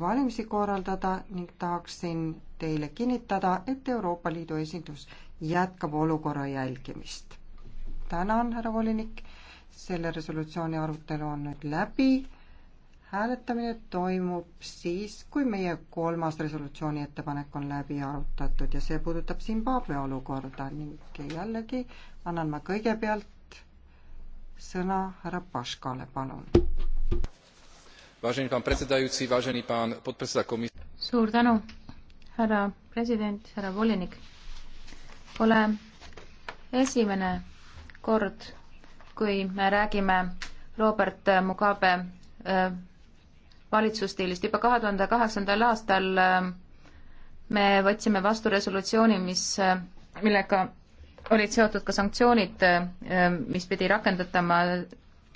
valimisi korraldada ning tahaksin teile kinnitada, et Euroopa Liidu esindus jätkab olukorra jälgimist. tänan, härra volinik, selle resolutsiooni arutelu on nüüd läbi. hääletamine toimub siis, kui meie kolmas resolutsiooni ettepanek on läbi arutatud ja see puudutab Zimbabwe olukorda ning jällegi annan ma kõigepealt sõna härra Paškale, palun Vážený pán predsedajúci, vážený pán podpredseda komis-. suur tänu, härra president, härra volinik. Pole esimene kord, kui me räägime Robert Mugabe äh, valitsusstiilist. juba kahe tuhande kaheksandal aastal äh, me võtsime vastu resolutsiooni, mis, äh, millega olid seotud ka sanktsioonid, mis pidi rakendatama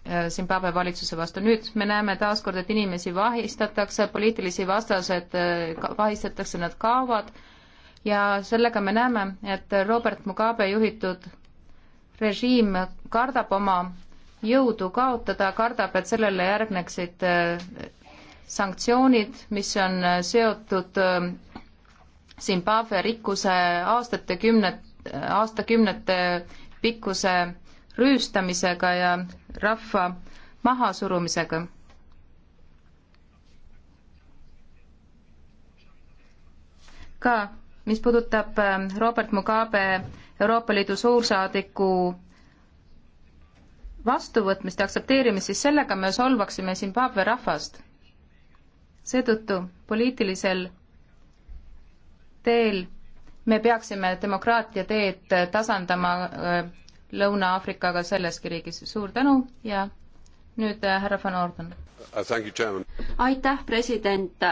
Äh, Zimbabwe valitsuse vastu. nüüd me näeme taaskord, et inimesi vahistatakse, poliitilisi vastased äh, vahistatakse, nad kaovad ja sellega me näeme, et Robert Mugabe juhitud režiim kardab oma jõudu kaotada, kardab, et sellele järgneksid äh, sanktsioonid, mis on seotud Zimbabwe rikkuse aastate kümnet, aastakümnete pikkuse rüüstamisega ja rahva mahasurumisega. ka, mis puudutab ähm, Robert Mugabe Euroopa Liidu suursaadiku vastuvõtmist ja aktsepteerimist, siis sellega me solvaksime Zimbabwe rahvast. seetõttu poliitilisel teel me peaksime demokraatia teed tasandama äh, Lõuna-Aafrikaga selleski riigis. suur tänu ja nüüd äh, härra Van Orden. Uh, aitäh, president.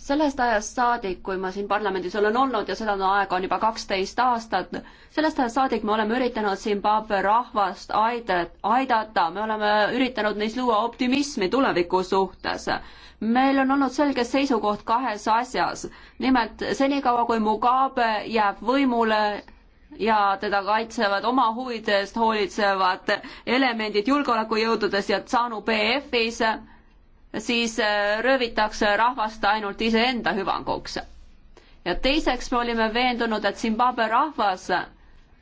sellest ajast saadik, kui ma siin parlamendis olen olnud ja seda aega on juba kaksteist aastat, sellest ajast saadik me oleme üritanud Zimbabwe rahvast aidat-, aidata, me oleme üritanud neis luua optimismi tuleviku suhtes meil on olnud selge seisukoht kahes asjas. nimelt senikaua, kui Mugabe jääb võimule, ja teda kaitsevad oma huvide eest hoolitsevad elemendid julgeolekujõududes ja Tsanu PF-is, siis äh, röövitakse rahvast ainult iseenda hüvanguks. ja teiseks me olime veendunud, et Zimbabwe rahvas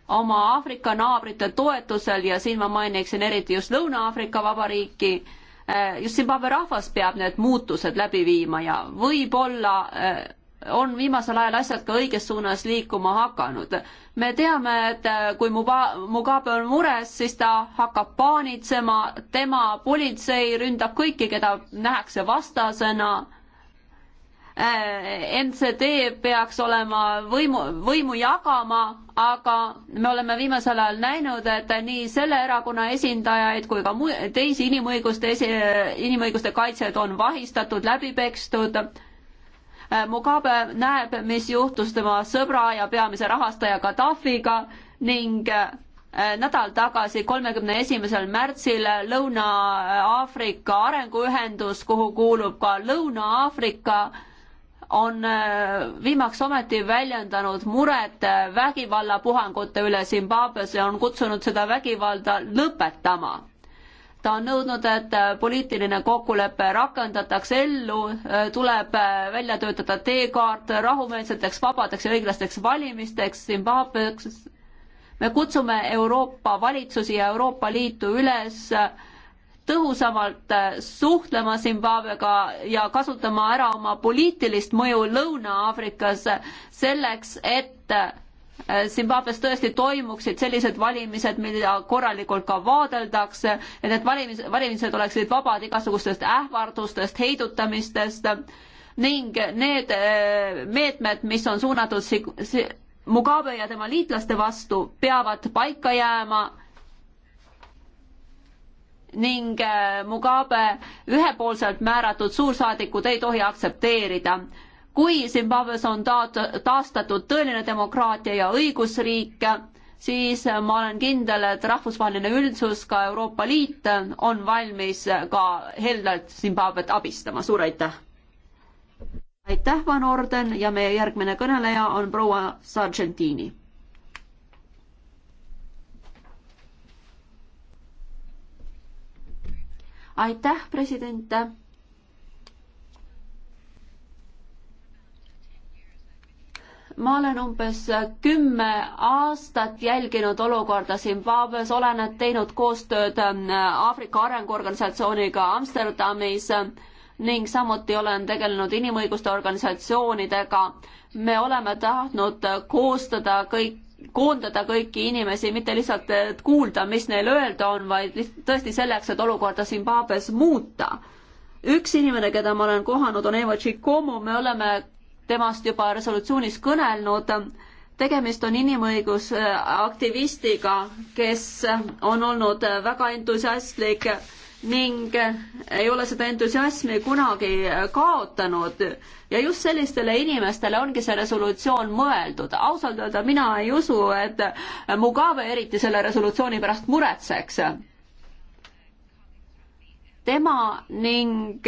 oma Aafrika naabrite toetusel ja siin ma mainiksin eriti just Lõuna-Aafrika Vabariiki, äh, just Zimbabwe rahvas peab need muutused läbi viima ja võib-olla äh, on viimasel ajal asjad ka õiges suunas liikuma hakanud me teame, et äh, kui Mugabe on mures, siis ta hakkab paanitsema, tema politsei ründab kõiki, keda nähakse vastasena äh, NCD peaks olema võimu, võimu jagama, aga me oleme viimasel ajal näinud, et nii selle erakonna esindajaid kui ka mu-, teisi inimõiguste esi-, inimõiguste kaitsjaid on vahistatud, läbi pekstud Äh, Mugabe näeb, mis juhtus tema sõbra ja peamise rahastaja Gaddafiga ning äh, nädal tagasi, kolmekümne esimesel märtsil äh, Lõuna-Aafrika Arenguühendus, kuhu kuulub ka Lõuna-Aafrika, on viimaks ometi väljendanud muret vägivallapuhangute üle Zimbabwes ja on kutsunud seda vägivalda lõpetama ta on nõudnud, et äh, poliitiline kokkulepe rakendatakse ellu, äh, tuleb äh, välja töötada teekaart rahumeelseteks, vabadeks ja õiglasteks valimisteks Zimbabwe's. me kutsume Euroopa valitsusi ja Euroopa Liitu üles tõhusamalt suhtlema Zimbabwega ja kasutama ära oma poliitilist mõju Lõuna-Aafrikas selleks, et Zimbabwe's tõesti toimuksid sellised valimised, mida korralikult ka vaadeldakse, et need valimis, valimised oleksid vabad igasugustest ähvardustest, heidutamistest ning need äh, meetmed, mis on suunatud Mugabe ja tema liitlaste vastu, peavad paika jääma ning äh, Mugabe ühepoolselt määratud suursaadikud ei tohi aktsepteerida kui Zimbabwe's on taat-, taastatud tõeline demokraatia ja õigusriik, siis ma olen kindel, et rahvusvaheline üldsus, ka Euroopa Liit on valmis ka heldelt Zimbabwet abistama, suur aitäh! aitäh, Van Orden ja meie järgmine kõneleja on proua Sargentini. aitäh, president! ma olen umbes kümme aastat jälginud olukorda Zimbabwe's, olen teinud koostööd ähm, Aafrika Arenguorganisatsiooniga Amsterdamis ning samuti olen tegelenud inimõiguste organisatsioonidega. me oleme tahtnud koostada kõik, koondada kõiki inimesi, mitte lihtsalt kuulda, mis neil öelda on, vaid tõesti selleks, et olukorda Zimbabwe's muuta üks inimene, keda ma olen kohanud, on Evo Chikomo, me oleme temast juba resolutsioonis kõnelnud. tegemist on inimõigusaktivistiga, kes on olnud väga entusiastlik ning ei ole seda entusiasmi kunagi kaotanud ja just sellistele inimestele ongi see resolutsioon mõeldud. ausalt öelda mina ei usu, et Mugabe eriti selle resolutsiooni pärast muretseks. tema ning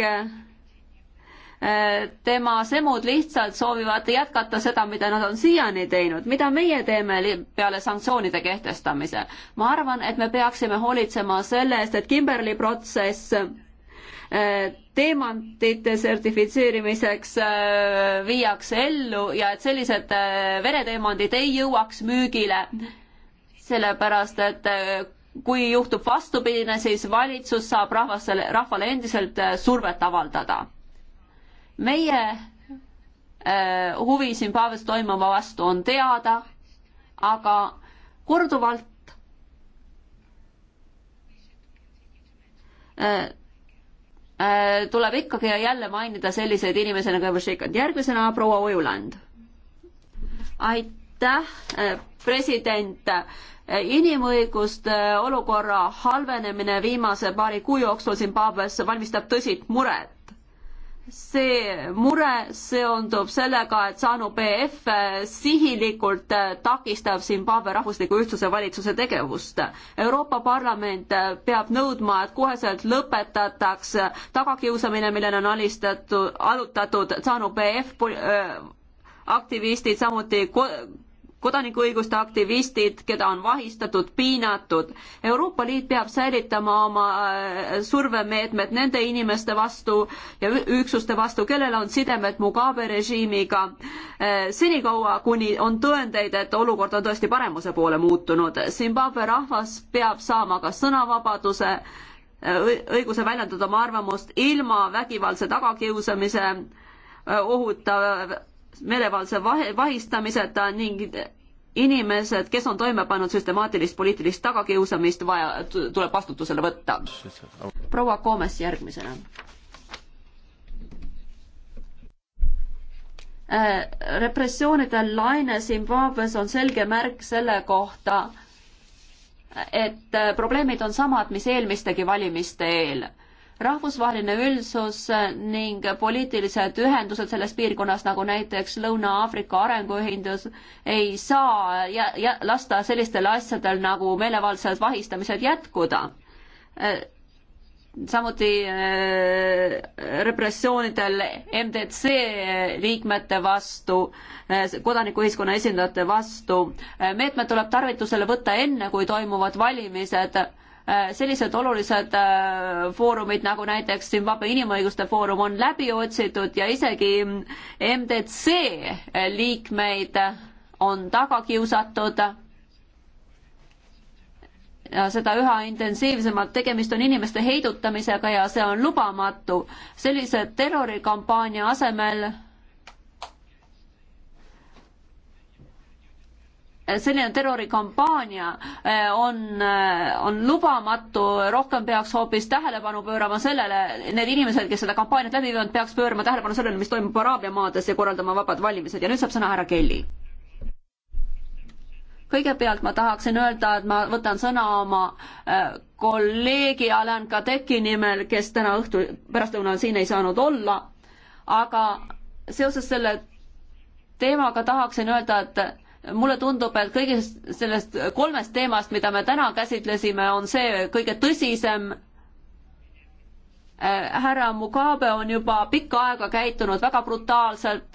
tema semud lihtsalt soovivad jätkata seda, mida nad on siiani teinud, mida meie teeme peale sanktsioonide kehtestamisel. ma arvan, et me peaksime hoolitsema selle eest, et Kimberli protsess äh, teemantide sertifitseerimiseks äh, viiakse ellu ja et sellised äh, vereteemandid ei jõuaks müügile, sellepärast et kui juhtub vastupidine, siis valitsus saab rahvasele, rahvale endiselt survet avaldada meie äh, huvi Zimbabwe's toimuva vastu on teada, aga korduvalt äh, äh, tuleb ikkagi ja jälle mainida selliseid inimesi nagu Evšikand. järgmisena proua Ujuland. aitäh, president. inimõiguste olukorra halvenemine viimase paari kuu jooksul Zimbabwe's valmistab tõsist muret see mure seondub sellega, et Zanu PF sihilikult takistab Zimbabwe rahvusliku ühtsuse valitsuse tegevust. Euroopa Parlament peab nõudma, et koheselt lõpetataks tagakiusamine, millele on alistatud, allutatud Zanu PF äh, aktivistid samuti, samuti kodanikuõiguste aktivistid, keda on vahistatud, piinatud. Euroopa Liit peab säilitama oma äh, survemeetmed nende inimeste vastu ja üksuste vastu, kellel on sidemed Mugabe režiimiga. Äh, senikaua, kuni on tõendeid, et olukord on tõesti paremuse poole muutunud, Zimbabwe rahvas peab saama ka sõnavabaduse, äh, õiguse väljendada oma arvamust ilma vägivaldse tagakiusamise ohuta meelevaldse vahe, vahistamiseta ning inimesed, kes on toime pannud süstemaatilist poliitilist tagakiusamist, vaja, tuleb vastutusele võtta. proua Koomes järgmisena. Äh, repressioonide laine Zimbabwe's on selge märk selle kohta, et äh, probleemid on samad, mis eelmistegi valimiste eel rahvusvaheline üldsus ning poliitilised ühendused selles piirkonnas, nagu näiteks Lõuna-Aafrika Arenguühendus, ei saa ja, ja lasta sellistel asjadel nagu meelevaldsed vahistamised jätkuda. samuti äh, repressioonidel MDC liikmete vastu, äh, kodanikuühiskonna esindajate vastu. Äh, meetmed tuleb tarvitusele võtta enne, kui toimuvad valimised Äh, sellised olulised äh, foorumid nagu näiteks Zimbabwe Inimõiguste Foorum on läbi otsitud ja isegi MDC liikmeid on taga kiusatud. seda üha intensiivsemalt, tegemist on inimeste heidutamisega ja see on lubamatu. sellise terrorikampaania asemel selline terrorikampaania eh, on, eh, on lubamatu, rohkem peaks hoopis tähelepanu pöörama sellele, need inimesed, kes seda kampaaniat läbi viivad, peaks pöörama tähelepanu sellele, mis toimub Araabia maades ja korraldama vabad valimised ja nüüd saab sõna härra Kelly kõigepealt ma tahaksin öelda, et ma võtan sõna oma eh, kolleegi Alan Kadeki nimel, kes täna õhtul, pärastlõunal siin ei saanud olla, aga seoses selle teemaga tahaksin öelda, et mulle tundub, et kõigest sellest kolmest teemast, mida me täna käsitlesime, on see kõige tõsisem. härra Mugabe on juba pikka aega käitunud väga brutaalselt.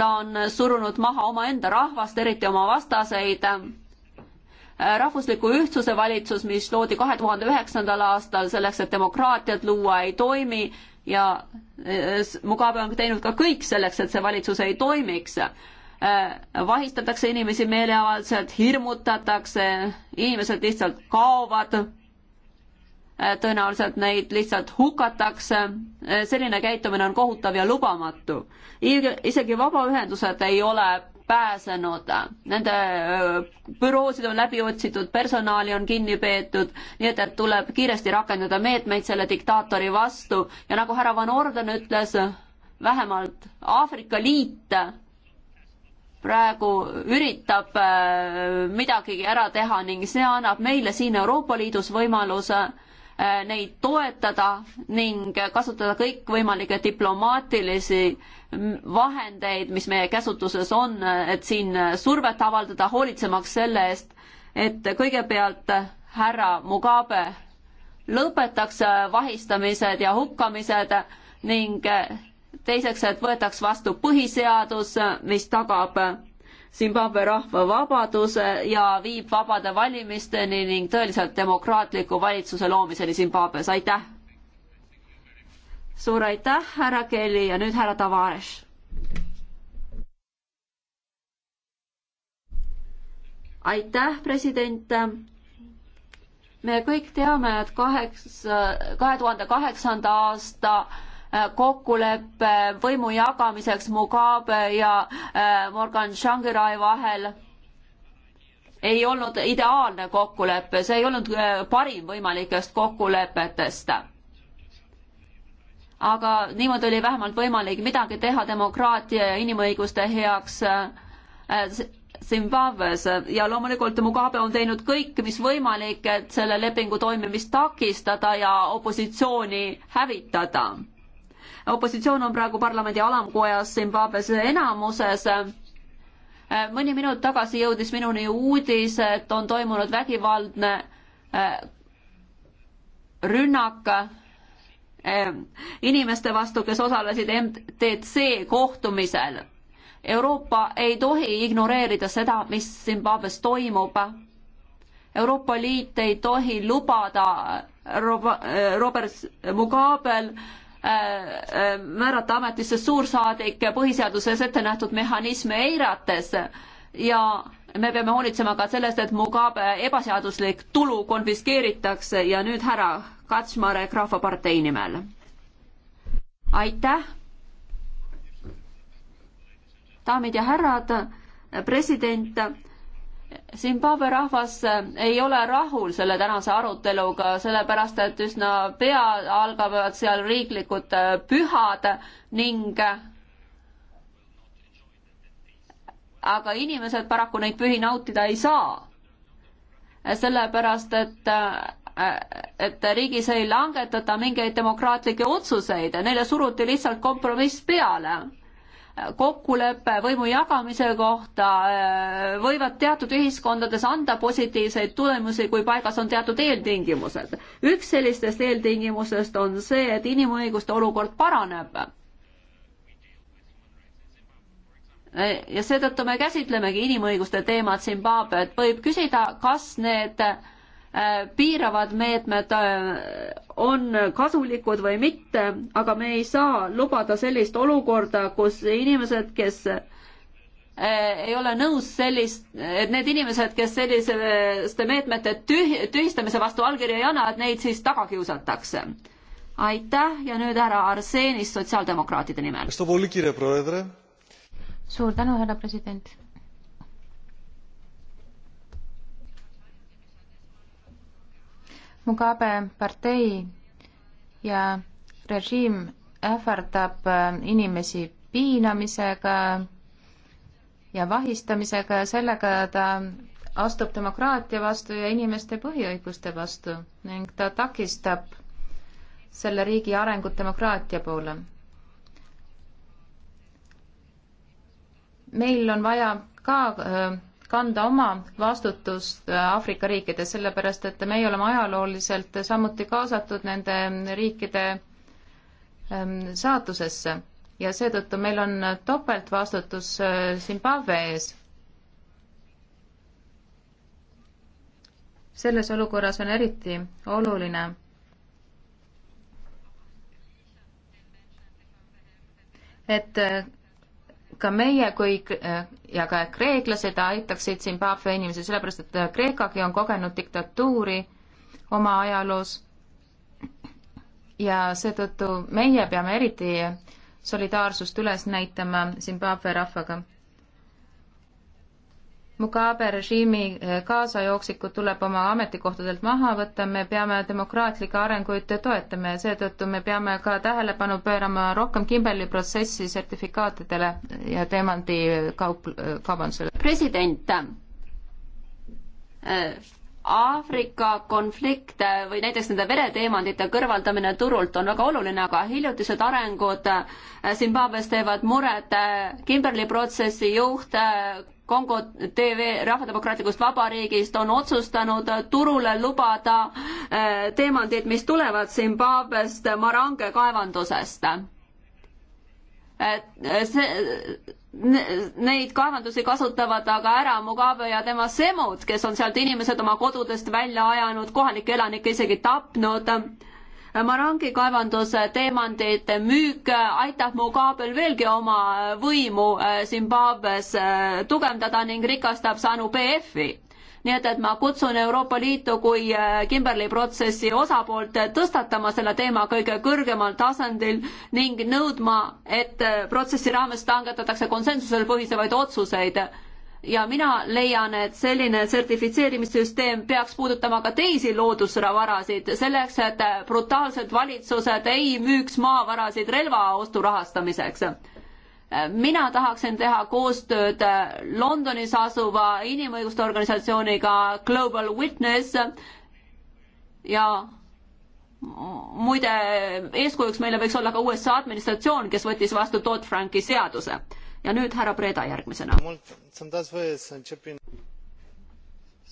ta on surunud maha omaenda rahvast, eriti oma vastaseid. rahvusliku ühtsuse valitsus, mis loodi kahe tuhande üheksandal aastal selleks, et demokraatiat luua, ei toimi ja Mugabe on teinud ka kõik selleks, et see valitsus ei toimiks Äh, vahistatakse inimesi meeleavaldselt, hirmutatakse, inimesed lihtsalt kaovad, äh, tõenäoliselt neid lihtsalt hukatakse, äh, selline käitumine on kohutav ja lubamatu. isegi vabaühendused ei ole pääsenud, nende büroosid on läbi otsitud, personali on kinni peetud, nii et, et tuleb kiiresti rakendada meetmeid selle diktaatori vastu ja nagu härra Van Orden ütles, vähemalt Aafrika Liit praegu üritab äh, midagigi ära teha ning see annab meile siin Euroopa Liidus võimaluse äh, neid toetada ning kasutada kõikvõimalikke diplomaatilisi vahendeid, mis meie käsutuses on, et siin survet avaldada, hoolitsemaks selle eest, et kõigepealt härra Mugabe lõpetaks vahistamised ja hukkamised ning teiseks, et võetaks vastu põhiseadus, mis tagab Zimbabwe rahva vabaduse ja viib vabade valimisteni ning tõeliselt demokraatliku valitsuse loomiseni Zimbabwes, aitäh! suur aitäh, härra Kelly ja nüüd härra Tavares. aitäh, president. me kõik teame, et kaheksa, kahe tuhande kaheksanda aasta kokkulepe võimu jagamiseks Mugabe ja äh, Morgan Shangirai vahel ei olnud ideaalne kokkulepe, see ei olnud äh, parim võimalikest kokkulepetest. aga niimoodi oli vähemalt võimalik midagi teha demokraatia ja inimõiguste heaks äh, Zimbabwe's ja loomulikult Mugabe on teinud kõik, mis võimalik, et selle lepingu toimimist takistada ja opositsiooni hävitada opositsioon on praegu parlamendi alamkojas Zimbabwe's enamuses äh, mõni minut tagasi jõudis minuni uudis, et on toimunud vägivaldne äh, rünnak äh, inimeste vastu, kes osalesid MTC kohtumisel. Euroopa ei tohi ignoreerida seda, mis Zimbabwe's toimub. Euroopa Liit ei tohi lubada Robert Mugabel Äh, äh, määrata ametisse suursaadik põhiseaduses ette nähtud mehhanisme eirates ja me peame hoolitsema ka sellest, et Mugabe ebaseaduslik tulu konfiskeeritakse ja nüüd härra Kaczmarek Rahvapartei nimel. aitäh. daamid ja härrad, president Zimbabwe rahvas äh, ei ole rahul selle tänase aruteluga, sellepärast et üsna pea algavad seal riiklikud äh, pühad ning äh, aga inimesed paraku neid pühi nautida ei saa. sellepärast, et, et riigis ei langetata mingeid demokraatlikke otsuseid, neile suruti lihtsalt kompromiss peale kokkulepe võimu jagamise kohta äh, võivad teatud ühiskondades anda positiivseid tulemusi, kui paigas on teatud eeltingimused. üks sellistest eeltingimustest on see, et inimõiguste olukord paraneb. Äh, ja seetõttu me käsitlemegi inimõiguste teemat Zimbabwe't, võib küsida, kas need äh, Äh, piiravad meetmed äh, on kasulikud või mitte, aga me ei saa lubada sellist olukorda, kus inimesed, kes äh, ei ole nõus sellist, et need inimesed, kes selliste meetmete tüh-, tühistamise vastu allkirja ei anna, et neid siis taga kiusatakse. aitäh ja nüüd härra Arsenis sotsiaaldemokraatide nimel. suur tänu, härra president Mugabe partei ja režiim ähvardab äh, inimesi piinamisega ja vahistamisega ja sellega ta astub demokraatia vastu ja inimeste põhiõiguste vastu ning ta takistab selle riigi arengut demokraatia poole. meil on vaja ka äh, kanda oma vastutust äh, Aafrika riikides, sellepärast et meie oleme ajalooliselt samuti kaasatud nende riikide ähm, saatusesse ja seetõttu meil on topeltvastutus äh, Zimbabwe ees. selles olukorras on eriti oluline et äh, ka meie kui äh, ja ka kreeklased aitaksid Zimbabwe inimesi, sellepärast et äh, Kreekagi on kogenud diktatuuri oma ajaloos. ja seetõttu meie peame eriti solidaarsust üles näitama Zimbabwe rahvaga Mugabe režiimi eh, kaasajooksikud tuleb oma ametikohtadelt maha võtta, me peame demokraatlikke arenguid toetama ja seetõttu me peame ka tähelepanu pöörama rohkem Kimberli protsessi sertifikaatidele ja teemandi kaup, kaubandusele. president äh.. Aafrika konflikte äh, või näiteks nende vereteemandite kõrvaldamine turult on väga oluline, aga hiljutised arengud äh, Zimbabwe's teevad muret. Äh, Kimberli protsessi juht Kongo TV Rahvademokraatlikust Vabariigist on otsustanud turule lubada äh, teemandid, mis tulevad Zimbabwest Marange kaevandusest. Äh, see, neid kaevandusi kasutavad aga ära Mugabe ja tema semud, kes on sealt inimesed oma kodudest välja ajanud, kohalikke elanikke isegi tapnud Marangi kaevanduse teemandite müük aitab Mugabel veelgi oma võimu äh, Zimbabwes äh, tugevdada ning rikastab Zanu PF-i nii et, et ma kutsun Euroopa Liitu kui äh, Kimberli protsessi osapoolt tõstatama selle teema kõige kõrgemal tasandil ning nõudma, et protsessi raames langetatakse konsensusel põhisevaid otsuseid ja mina leian, et selline sertifitseerimissüsteem peaks puudutama ka teisi loodusvarasid, selleks et brutaalsed valitsused ei müüks maavarasid relvaostu rahastamiseks. mina tahaksin teha koostööd Londonis asuva inimõiguste organisatsiooniga Global Witness ja muide, eeskujuks meile võiks olla ka USA administratsioon, kes võttis vastu Dodd-Franki seaduse ja nüüd härra Preda järgmisena.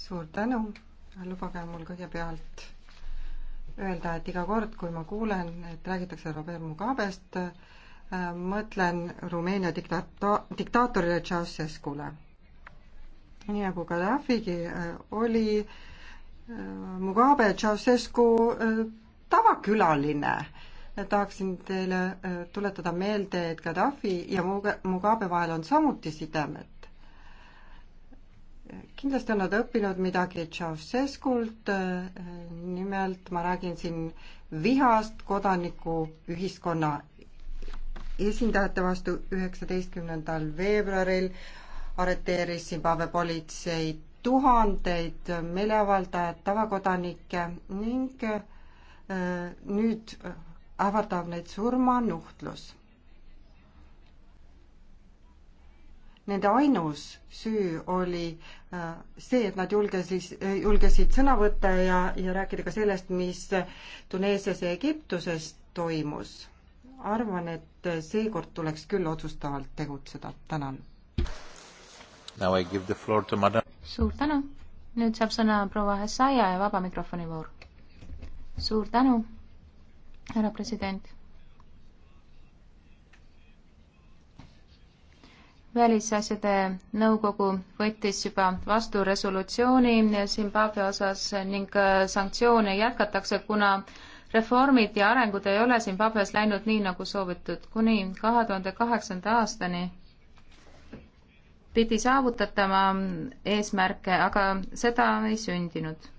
suur tänu, lubage mul kõigepealt öelda, et iga kord, kui ma kuulen, et räägitakse Robert Mugabest, mõtlen Rumeenia diktata-, diktaatorile Ceausescule. nii nagu Gaddafigi oli äh, Mugabe Ceausescu äh, tavakülaline tahaksin teile äh, tuletada meelde, et Gaddafi ja Mugabe vahel on samuti sidemed kindlasti on nad õppinud midagi Ceausescult, äh, nimelt ma räägin siin vihast kodanikuühiskonna esindajate vastu üheksateistkümnendal veebruaril arreteeris Zimbabwe politsei tuhandeid meeleavaldajaid, tavakodanikke ning äh, nüüd ähvardab neid surmanuhtlus. Nende ainus süü oli äh, see, et nad julgesid, julgesid sõna võtta ja, ja rääkida ka sellest, mis Tuneesias ja Egiptuses toimus arvan, et seekord tuleks küll otsustavalt tegutseda, tänan. suur tänu, nüüd saab sõna proua Hessaja ja vaba mikrofoni voor. suur tänu härra president. välisasjade nõukogu võttis juba vastu resolutsiooni Zimbabwe osas ning äh, sanktsioone jätkatakse, kuna reformid ja arengud ei ole Zimbabwe's läinud nii, nagu soovitud. kuni kahe tuhande kaheksanda aastani pidi saavutatama eesmärke, aga seda ei sündinud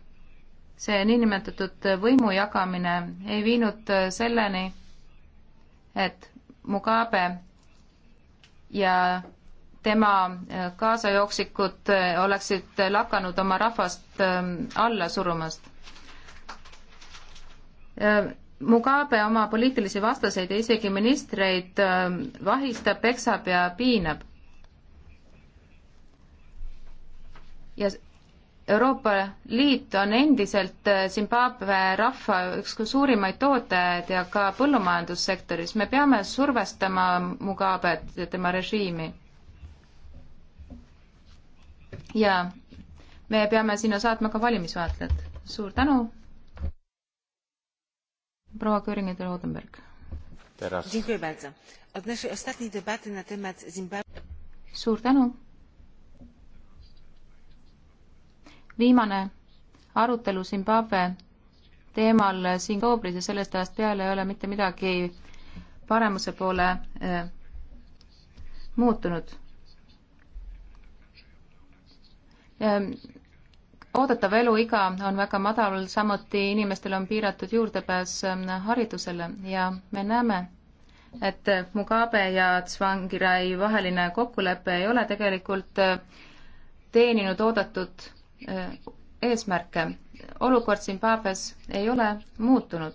see niinimetatud võimu jagamine ei viinud selleni, et Mugabe ja tema kaasajooksikud oleksid lakanud oma rahvast ähm, alla surumast. Ähm, Mugabe oma poliitilisi vastaseid ja isegi ministreid ähm, vahistab, peksab ja piinab. ja Euroopa Liit on endiselt äh, Zimbabwe rahva üks suurimaid tootajaid ja ka põllumajandussektoris. me peame survestama Mugabet ja tema režiimi. ja me peame sinna saatma ka valimisvaatlejad. suur tänu. proua Köringi-Rodenberg. suur tänu viimane arutelu Zimbabwe teemal siin Koobris ja sellest ajast peale ei ole mitte midagi paremuse poole äh, muutunud ähm,. oodatav eluiga on väga madal, samuti inimestel on piiratud juurdepääs äh, haridusele ja me näeme, et Mugabe ja Tsvangirai vaheline kokkulepe ei ole tegelikult äh, teeninud oodatud Äh, eesmärke. olukord Zimbabwes ei ole muutunud.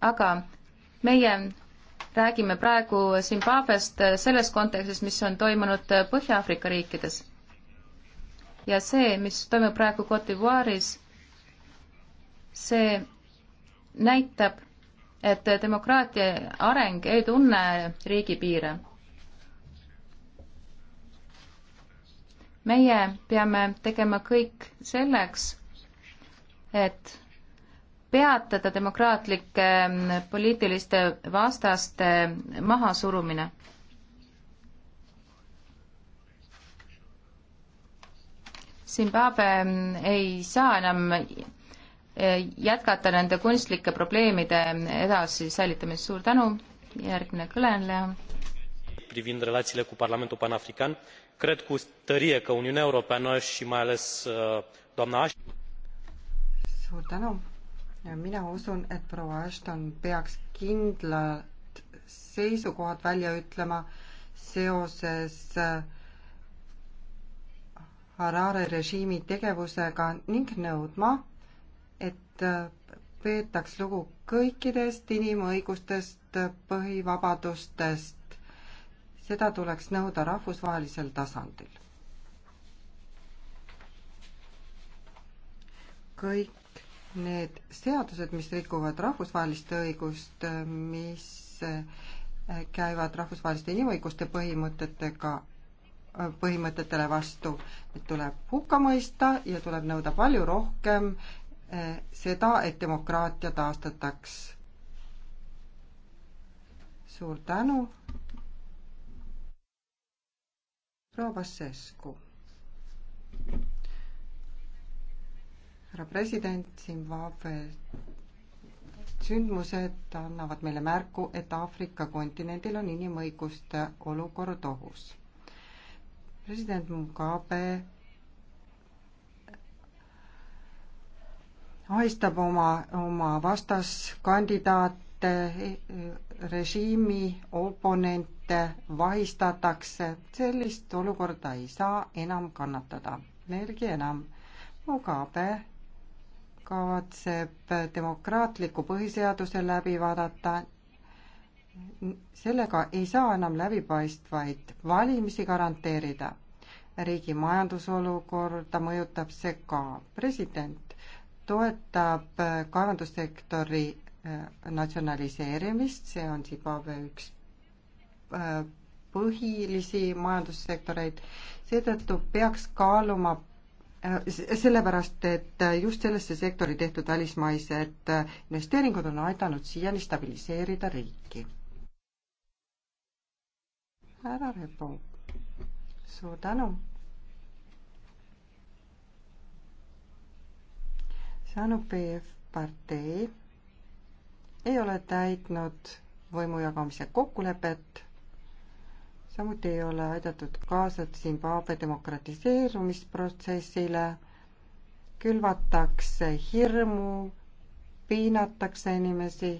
aga meie räägime praegu Zimbabwest selles kontekstis, mis on toimunud Põhja-Aafrika riikides. ja see, mis toimub praegu Cote d'Ivoire'is, see näitab, et demokraatia areng ei tunne riigipiire meie peame tegema kõik selleks, et peatada demokraatlike mm, poliitiliste vastaste mahasurumine. Zimbabwe mm, ei saa enam e, jätkata nende kunstlike probleemide edasi säilitamist. suur tänu, järgmine kõneleja privind relaiile cu parlamentul panafrican cred cu tărie că uniunea europeană i mai ales uh, doamna ashton mina usun uh, et proua ashton peaks kindlalt seisukohad välja ütlema seoses Harare režiimi tegevusega ning nõudma, et peetaks lugu kõikidest inimõigustest, põhivabadustest, seda tuleks nõuda rahvusvahelisel tasandil. kõik need seadused, mis rikuvad rahvusvahelist õigust, mis äh, käivad rahvusvaheliste inimõiguste põhimõtetega, äh, põhimõtetele vastu, et tuleb hukka mõista ja tuleb nõuda palju rohkem äh, seda, et demokraatia taastataks. suur tänu proua Vassescu. härra president Zimbabwe sündmused annavad meile märku, et Aafrika kontinendil on inimõiguste olukord ohus. president Mugabe ahistab oma, oma vastaskandidaat et eh, režiimi oponente vahistatakse, sellist olukorda ei saa enam kannatada. veelgi enam, Mugabe kavatseb demokraatliku põhiseaduse läbi vaadata. sellega ei saa enam läbipaistvaid valimisi garanteerida. riigi majandusolukorda mõjutab see ka. president toetab kaevandussektori Äh, natsionaliseerimist, see on Zimbabwe üks äh, põhilisi majandussektoreid, seetõttu peaks kaaluma äh, sellepärast, et just sellesse sektori tehtud välismaised investeeringud on aidanud siiani stabiliseerida riiki. härra Repo, suur tänu. see on PF partei ei ole täitnud võimu jagamise kokkulepet, samuti ei ole aidatud kaasa Zimbabwe demokratiseerumisprotsessile, külvatakse hirmu, piinatakse inimesi,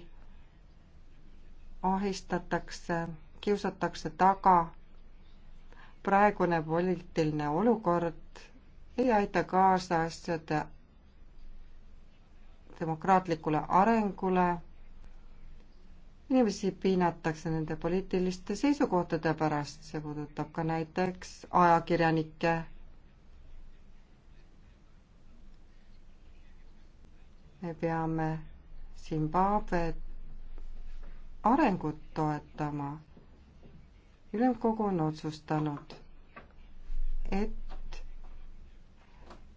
ahistatakse, kiusatakse taga. praegune poliitiline olukord ei aita kaasa asjade demokraatlikule arengule inimesi piinatakse nende poliitiliste seisukohtade pärast, see puudutab ka näiteks ajakirjanikke. me peame Zimbabwe arengut toetama. ülemkogu on otsustanud, et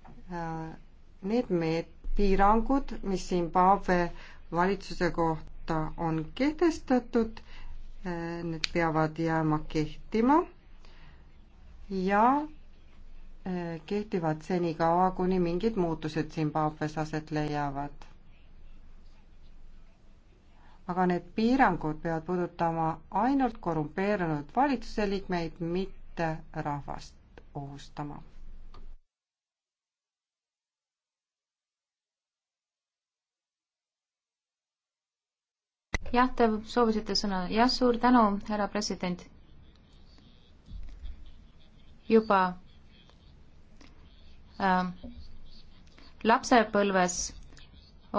äh, need meet-, piirangud, mis Zimbabwe valitsuse kohta kohta on kehtestatud, eh, need peavad jääma kehtima ja eh, kehtivad senikaua, kuni mingid muutused Zimbabwe's aset leiavad. aga need piirangud peavad puudutama ainult korrumpeerunud valitsuse liikmeid, mitte rahvast ohustama jah, te soovisite sõna. jah, suur tänu, härra president. juba äh, lapsepõlves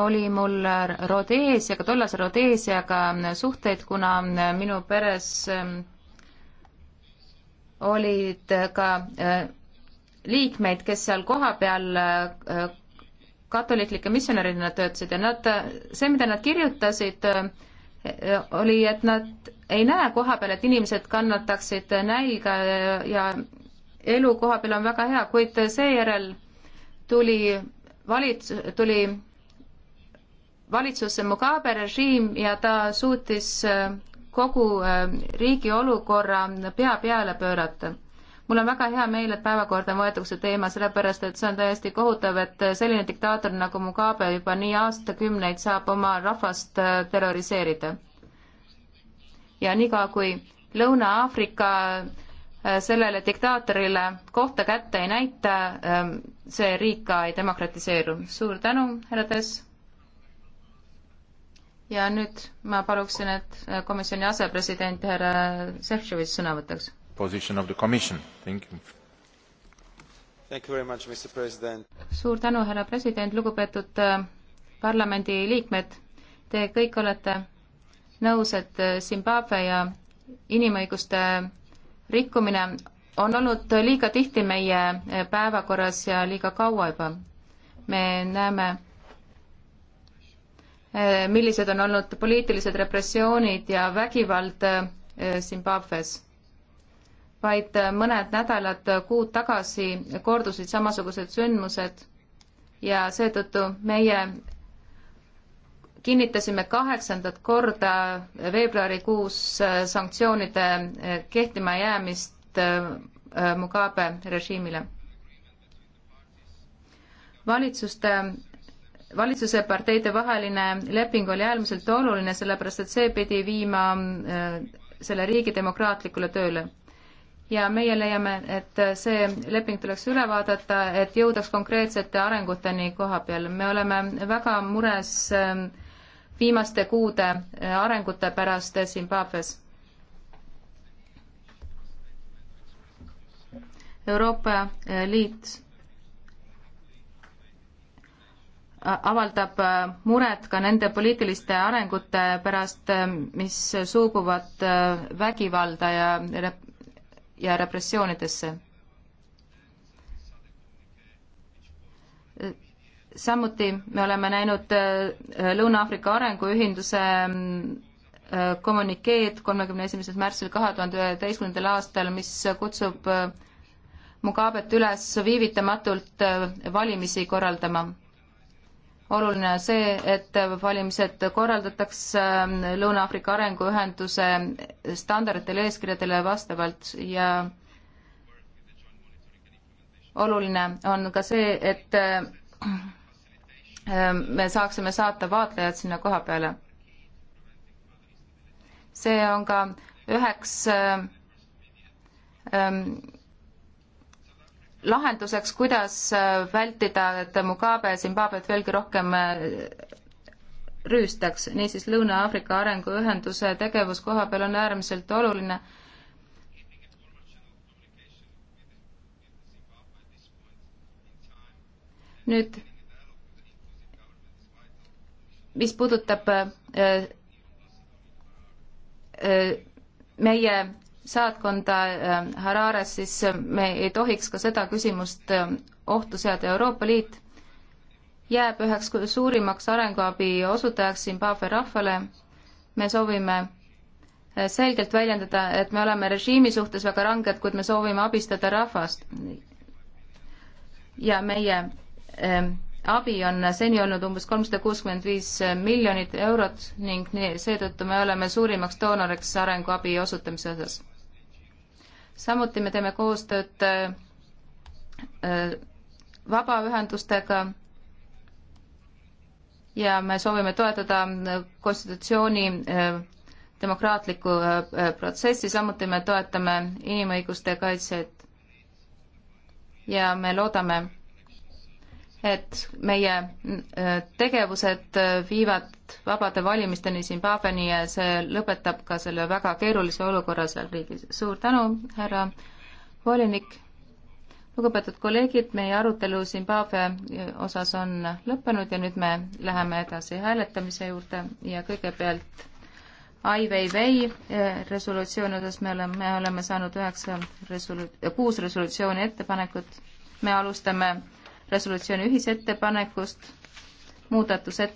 oli mul Rodeesiaga, tollase Rodeesiaga suhteid, kuna minu peres ähm, olid ka äh, liikmeid, kes seal kohapeal äh, katoliklike missionäridena töötasid ja nad, äh, see, mida nad kirjutasid, oli, et nad ei näe koha peal, et inimesed kannataksid nälga ja, ja elu koha peal on väga hea, kuid seejärel tuli valitsus, tuli valitsusse Mugabe režiim ja ta suutis kogu äh, riigi olukorra pea peale pöörata mul on väga hea meel, et päevakorda on võetud see teema, sellepärast et see on täiesti kohutav, et selline diktaator nagu Mugabe juba nii aastakümneid saab oma rahvast äh, terroriseerida. ja niikaua, kui Lõuna-Aafrika äh, sellele diktaatorile kohta kätte ei näita, ähm, see riik ka ei demokratiseeru. suur tänu, härra Tess! ja nüüd ma paluksin, et äh, komisjoni asepresident härra Šefčovič sõna võtaks position of the commission. Thank you. Thank you very much, Mr. President. suur tänu, härra president, lugupeetud äh, parlamendiliikmed. Te kõik olete nõus, et äh, Zimbabwe ja inimõiguste rikkumine on olnud liiga tihti meie äh, päevakorras ja liiga kaua juba. me näeme, millised on olnud poliitilised repressioonid ja vägivald Zimbabwes vaid mõned nädalad, kuud tagasi kordusid samasugused sündmused ja seetõttu meie kinnitasime kaheksandat korda veebruarikuus sanktsioonide kehtima jäämist äh, Mugabe režiimile. valitsuste, valitsuse parteide vaheline leping oli äärmiselt oluline, sellepärast et see pidi viima äh, selle riigi demokraatlikule tööle ja meie leiame, et see leping tuleks üle vaadata, et jõudaks konkreetsete arenguteni koha peal. me oleme väga mures ähm, viimaste kuude äh, arengute pärast Zimbabwes. Euroopa äh, Liit äh, avaldab muret ka nende poliitiliste arengute pärast, mis suubuvad vägivalda ja rep-, ja repressioonidesse. samuti me oleme näinud äh, Lõuna-Aafrika Arenguühenduse äh, kommunikeed kolmekümne esimesel märtsil kahe tuhande üheteistkümnendal aastal, mis kutsub äh, Mugabet üles viivitamatult valimisi korraldama oluline on see, et valimised korraldatakse ähm, Lõuna-Aafrika Arenguühenduse standarditele, eeskirjadele vastavalt ja oluline on ka see, et äh, ähm, me saaksime saata vaatlejad sinna koha peale. see on ka üheks äh, ähm, lahenduseks, kuidas äh, vältida, et Mugabe Zimbabwe't veelgi rohkem äh, rüüstaks. niisiis, Lõuna-Aafrika Arenguühenduse tegevus koha peal on äärmiselt oluline. nüüd, mis puudutab äh, meie saatkonda Harares, ähm, siis ähm, me ei tohiks ka seda küsimust ähm, ohtu seada. Euroopa Liit jääb üheks suurimaks arenguabi osutajaks Zimbabwe rahvale. me soovime äh, selgelt väljendada, et me oleme režiimi suhtes väga ranged, kuid me soovime abistada rahvast. ja meie abi on seni olnud umbes kolmsada kuuskümmend viis äh, miljonit eurot ning seetõttu me oleme suurimaks doonoriks arenguabi osutamise osas samuti me teeme koostööd äh, äh, vabaühendustega ja me soovime toetada äh, konstitutsiooni demokraatlikku protsessi, samuti me toetame inimõiguste kaitset ja me loodame, et meie äh, tegevused äh, viivad vabade valimisteni Zimbabweni ja see lõpetab ka selle väga keerulise olukorra seal riigis. suur tänu, härra volinik. lugupeetud kolleegid, meie arutelu Zimbabwe äh, osas on lõppenud ja nüüd me läheme edasi hääletamise juurde ja kõigepealt Ai Weiwei resolutsiooni osas me oleme, me oleme saanud üheksa resolu-, kuus resolutsiooni ettepanekut. me alustame resolutsiooni ühisettepanekust, muudatused